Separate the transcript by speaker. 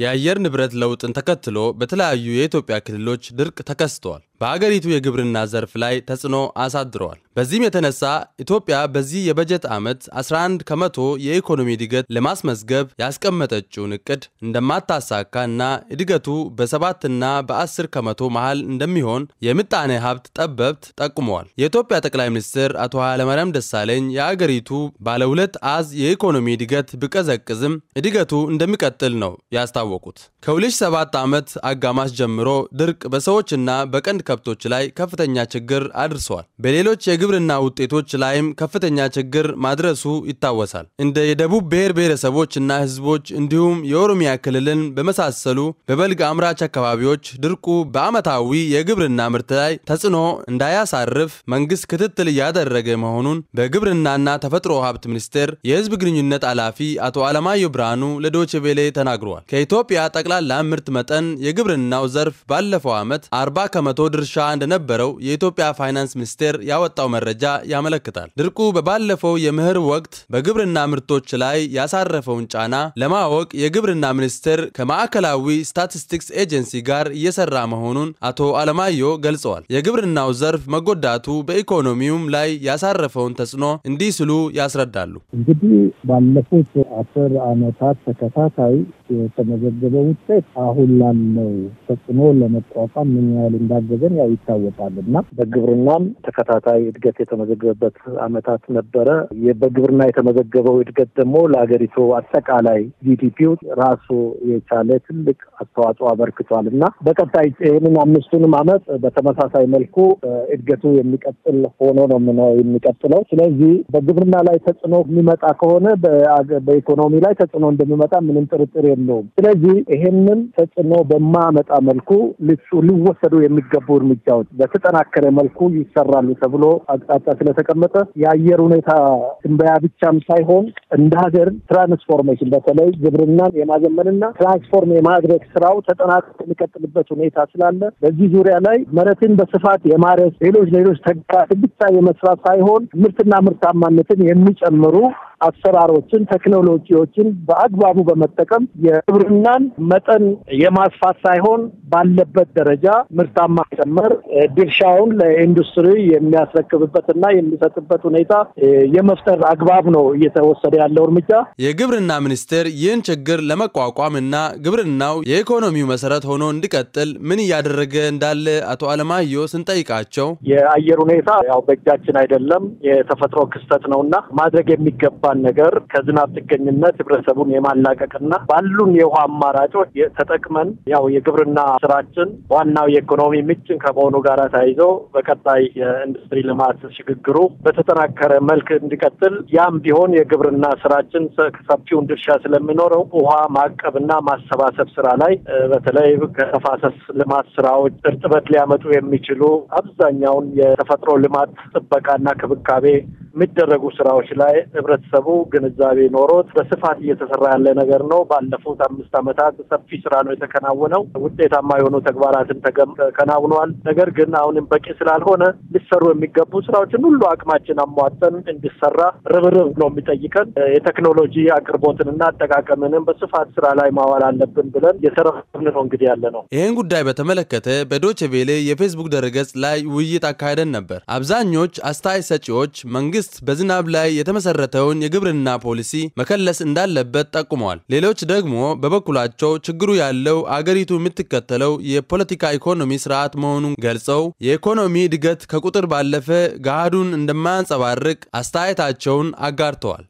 Speaker 1: የአየር ንብረት ለውጥን ተከትሎ በተለያዩ የኢትዮጵያ ክልሎች ድርቅ ተከስቷል። በአገሪቱ የግብርና ዘርፍ ላይ ተጽዕኖ አሳድረዋል። በዚህም የተነሳ ኢትዮጵያ በዚህ የበጀት ዓመት 11 ከመቶ የኢኮኖሚ እድገት ለማስመዝገብ ያስቀመጠችውን እቅድ እንደማታሳካ እና እድገቱ በሰባትና በአስር ከመቶ መሃል እንደሚሆን የምጣኔ ሀብት ጠበብት ጠቁመዋል። የኢትዮጵያ ጠቅላይ ሚኒስትር አቶ ኃይለማርያም ደሳለኝ የአገሪቱ ባለሁለት አዝ የኢኮኖሚ እድገት ብቀዘቅዝም እድገቱ እንደሚቀጥል ነው ያስታወቁት። ከ2007 ዓመት አጋማሽ ጀምሮ ድርቅ በሰዎችና በቀንድ ከብቶች ላይ ከፍተኛ ችግር አድርሰዋል። በሌሎች የግብርና ውጤቶች ላይም ከፍተኛ ችግር ማድረሱ ይታወሳል። እንደ የደቡብ ብሔር ብሔረሰቦች እና ህዝቦች እንዲሁም የኦሮሚያ ክልልን በመሳሰሉ በበልግ አምራች አካባቢዎች ድርቁ በዓመታዊ የግብርና ምርት ላይ ተጽዕኖ እንዳያሳርፍ መንግስት ክትትል እያደረገ መሆኑን በግብርናና ተፈጥሮ ሀብት ሚኒስቴር የህዝብ ግንኙነት ኃላፊ አቶ አለማየሁ ብርሃኑ ለዶችቬሌ ተናግረዋል። ከኢትዮጵያ ጠቅላላ ምርት መጠን የግብርናው ዘርፍ ባለፈው ዓመት 40 ከመቶ ድርሻ እንደነበረው የኢትዮጵያ ፋይናንስ ሚኒስቴር ያወጣው መረጃ ያመለክታል። ድርቁ በባለፈው የምህር ወቅት በግብርና ምርቶች ላይ ያሳረፈውን ጫና ለማወቅ የግብርና ሚኒስቴር ከማዕከላዊ ስታቲስቲክስ ኤጀንሲ ጋር እየሰራ መሆኑን አቶ አለማዮ ገልጸዋል። የግብርናው ዘርፍ መጎዳቱ በኢኮኖሚውም ላይ ያሳረፈውን ተጽዕኖ እንዲህ ስሉ ያስረዳሉ።
Speaker 2: እንግዲህ ባለፉት አስር ዓመታት ተከታታይ የተመዘገበው ውጤት አሁን ላለው ተጽዕኖ ለመቋቋም ምን ያህል እንዳገዘ ግን ያው ይታወቃል እና በግብርናም ተከታታይ እድገት የተመዘገበበት አመታት ነበረ። በግብርና የተመዘገበው እድገት ደግሞ ለሀገሪቱ አጠቃላይ ጂዲፒው ራሱ የቻለ ትልቅ አስተዋጽኦ አበርክቷል እና በቀጣይ ይህንን አምስቱንም አመት በተመሳሳይ መልኩ እድገቱ የሚቀጥል ሆኖ ነው የሚቀጥለው። ስለዚህ በግብርና ላይ ተጽዕኖ የሚመጣ ከሆነ በኢኮኖሚ ላይ ተጽዕኖ እንደሚመጣ ምንም ጥርጥር የለውም። ስለዚህ ይሄንን ተጽዕኖ በማመጣ መልኩ ሊወሰዱ የሚገቡ እርምጃዎች በተጠናከረ መልኩ ይሰራሉ ተብሎ አቅጣጫ ስለተቀመጠ የአየር ሁኔታ ትንበያ ብቻም ሳይሆን እንደ ሀገር ትራንስፎርሜሽን በተለይ ግብርናን የማዘመንና ትራንስፎርም የማድረግ ስራው ተጠናክሮ የሚቀጥልበት ሁኔታ ስላለ በዚህ ዙሪያ ላይ መሬትን በስፋት የማረስ ሌሎች ሌሎች ተግባራትን ብቻ የመስራት ሳይሆን ምርትና ምርታማነትን የሚጨምሩ አሰራሮችን፣ ቴክኖሎጂዎችን በአግባቡ በመጠቀም የግብርናን መጠን የማስፋት ሳይሆን ባለበት ደረጃ ምርታማ በመጨመር ድርሻውን ለኢንዱስትሪ የሚያስረክብበትና የሚሰጥበት ሁኔታ የመፍጠር አግባብ ነው እየተወሰደ ያለው እርምጃ።
Speaker 1: የግብርና ሚኒስቴር ይህን ችግር ለመቋቋምና ግብርናው የኢኮኖሚው መሰረት ሆኖ እንዲቀጥል ምን እያደረገ እንዳለ አቶ አለማየሁ ስንጠይቃቸው
Speaker 2: የአየር ሁኔታ ያው በእጃችን አይደለም፣ የተፈጥሮ ክስተት ነውና ማድረግ የሚገባን ነገር ከዝናብ ጥገኝነት ህብረተሰቡን የማላቀቅና ባሉን የውሃ አማራጮች ተጠቅመን ያው የግብርና ስራችን ዋናው የኢኮኖሚ ምች ሀገራችን ከመሆኑ ጋር ተያይዞ በቀጣይ የኢንዱስትሪ ልማት ሽግግሩ በተጠናከረ መልክ እንዲቀጥል ያም ቢሆን የግብርና ስራችን ሰፊውን ድርሻ ስለሚኖረው ውሃ ማቀብና ማሰባሰብ ስራ ላይ በተለይ ከተፋሰስ ልማት ስራዎች እርጥበት ሊያመጡ የሚችሉ አብዛኛውን የተፈጥሮ ልማት ጥበቃና ክብካቤ የሚደረጉ ስራዎች ላይ ህብረተሰቡ ግንዛቤ ኖሮት በስፋት እየተሰራ ያለ ነገር ነው። ባለፉት አምስት ዓመታት ሰፊ ስራ ነው የተከናወነው። ውጤታማ የሆኑ ተግባራትን ተከናውነዋል። ነገር ግን አሁንም በቂ ስላልሆነ ሊሰሩ የሚገቡ ስራዎችን ሁሉ አቅማችን አሟጠን እንዲሰራ ርብርብ ነው የሚጠይቀን። የቴክኖሎጂ አቅርቦትንና አጠቃቀምንም በስፋት ስራ ላይ ማዋል አለብን ብለን የተረፍን ነው እንግዲህ ያለ ነው።
Speaker 1: ይህን ጉዳይ በተመለከተ በዶቼ ቬሌ የፌስቡክ ድረገጽ ላይ ውይይት አካሄደን ነበር። አብዛኞች አስተያየት ሰጪዎች መንግስት መንግስት በዝናብ ላይ የተመሰረተውን የግብርና ፖሊሲ መከለስ እንዳለበት ጠቁመዋል። ሌሎች ደግሞ በበኩላቸው ችግሩ ያለው አገሪቱ የምትከተለው የፖለቲካ ኢኮኖሚ ስርዓት መሆኑን ገልጸው የኢኮኖሚ እድገት ከቁጥር ባለፈ ገሃዱን እንደማያንጸባርቅ አስተያየታቸውን አጋርተዋል።